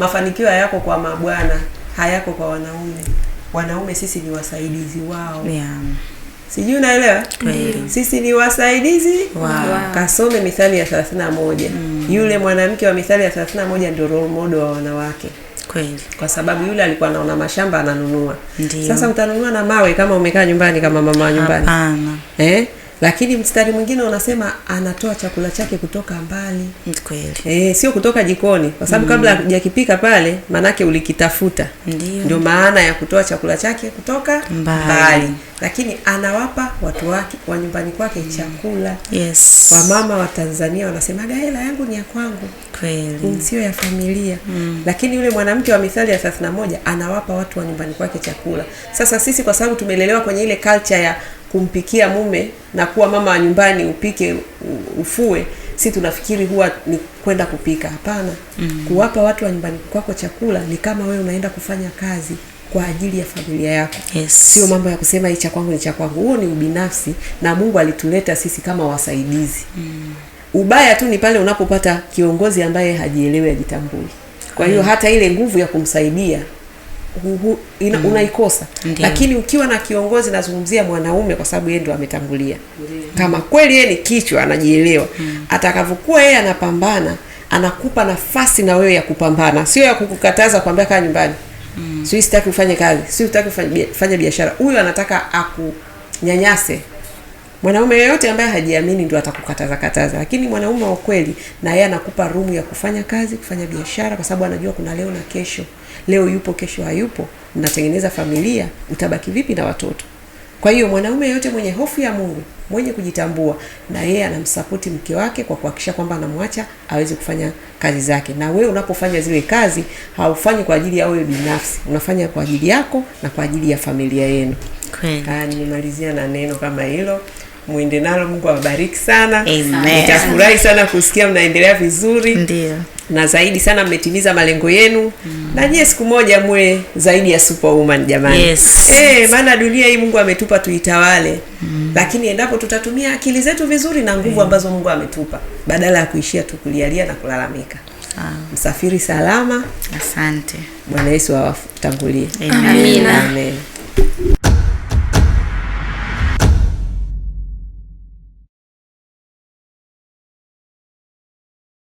Mafanikio hayako kwa mabwana, hayako kwa wanaume. Wanaume sisi ni wasaidizi wao, yeah. Sijui unaelewa? Mm. Sisi ni wasaidizi wow. Kasome Mithali ya 31. Mm. Yule mwanamke wa Mithali ya 31 ndio role model wa wanawake kweli, kwa sababu yule alikuwa anaona mashamba ananunua. Ndiyo. Sasa utanunua na mawe kama umekaa nyumbani kama mama nyumbani? Eh? lakini mstari mwingine unasema anatoa chakula chake kutoka mbali. Kweli e, sio kutoka jikoni, kwa sababu mm. kabla hujakipika pale, maanake ulikitafuta. Ndio maana ya kutoa chakula chake kutoka mbali, mbali. Lakini anawapa watu wake wa nyumbani kwake mm. chakula. Yes, wamama wa Tanzania wanasemaga hela yangu ni ya kwangu, kweli mm, sio ya familia mm. lakini yule mwanamke wa Mithali ya 31 anawapa watu wa nyumbani kwake chakula. Sasa sisi kwa sababu tumelelewa kwenye ile culture ya kumpikia mume na kuwa mama wa nyumbani, upike ufue, si tunafikiri huwa ni kwenda kupika. Hapana, mm. kuwapa watu wa nyumbani kwako chakula ni kama wewe unaenda kufanya kazi kwa ajili ya familia yako. Yes. Sio mambo ya kusema hii cha kwangu ni cha kwangu. Huo ni ubinafsi na Mungu alituleta sisi kama wasaidizi. Mm. Ubaya tu ni pale unapopata kiongozi ambaye hajielewe ajitambui Kwa hiyo mm. hata ile nguvu ya kumsaidia mm. unaikosa Ndiyo. Lakini ukiwa na kiongozi, nazungumzia mwanaume kwa sababu yeye ndio ametangulia. Kama kweli yeye ni kichwa, anajielewa mm. atakavyokuwa yeye anapambana, anakupa nafasi na wewe ya kupambana, sio ya kukukataza kwambia kaa nyumbani mm. sio sitaki ufanye kazi, sio sitaki ufanye biashara. huyo anataka akunyanyase Mwanaume yeyote ambaye hajiamini ndio atakukataza kataza, lakini mwanaume wa kweli na yeye anakupa rumu ya kufanya kazi, kufanya biashara, kwa sababu anajua kuna leo na kesho. Leo yupo, kesho hayupo, natengeneza familia, utabaki vipi na watoto? Kwa hiyo mwanaume yeyote mwenye hofu ya Mungu, mwenye kujitambua, na yeye anamsapoti mke wake kwa kuhakikisha kwamba anamwacha aweze kufanya kazi zake. Na wewe unapofanya zile kazi, haufanyi kwa ajili ya wewe binafsi, unafanya kwa ajili yako na kwa ajili ya familia yenu. Nimalizia na neno kama hilo mwende nalo. Mungu awabariki sana. Amen. Nitafurahi sana kusikia mnaendelea vizuri. Ndiyo. Na zaidi sana mmetimiza malengo yenu mm. Na nyie siku moja mwe zaidi ya superwoman jamani. Yes. Hey, eh, maana dunia hii Mungu ametupa tuitawale mm. Lakini endapo tutatumia akili zetu vizuri na nguvu mm. ambazo Mungu ametupa badala ya kuishia tu kulialia na kulalamika. Ah. Msafiri salama. Asante. Bwana Yesu awatangulie. Amina. Amen. Amen.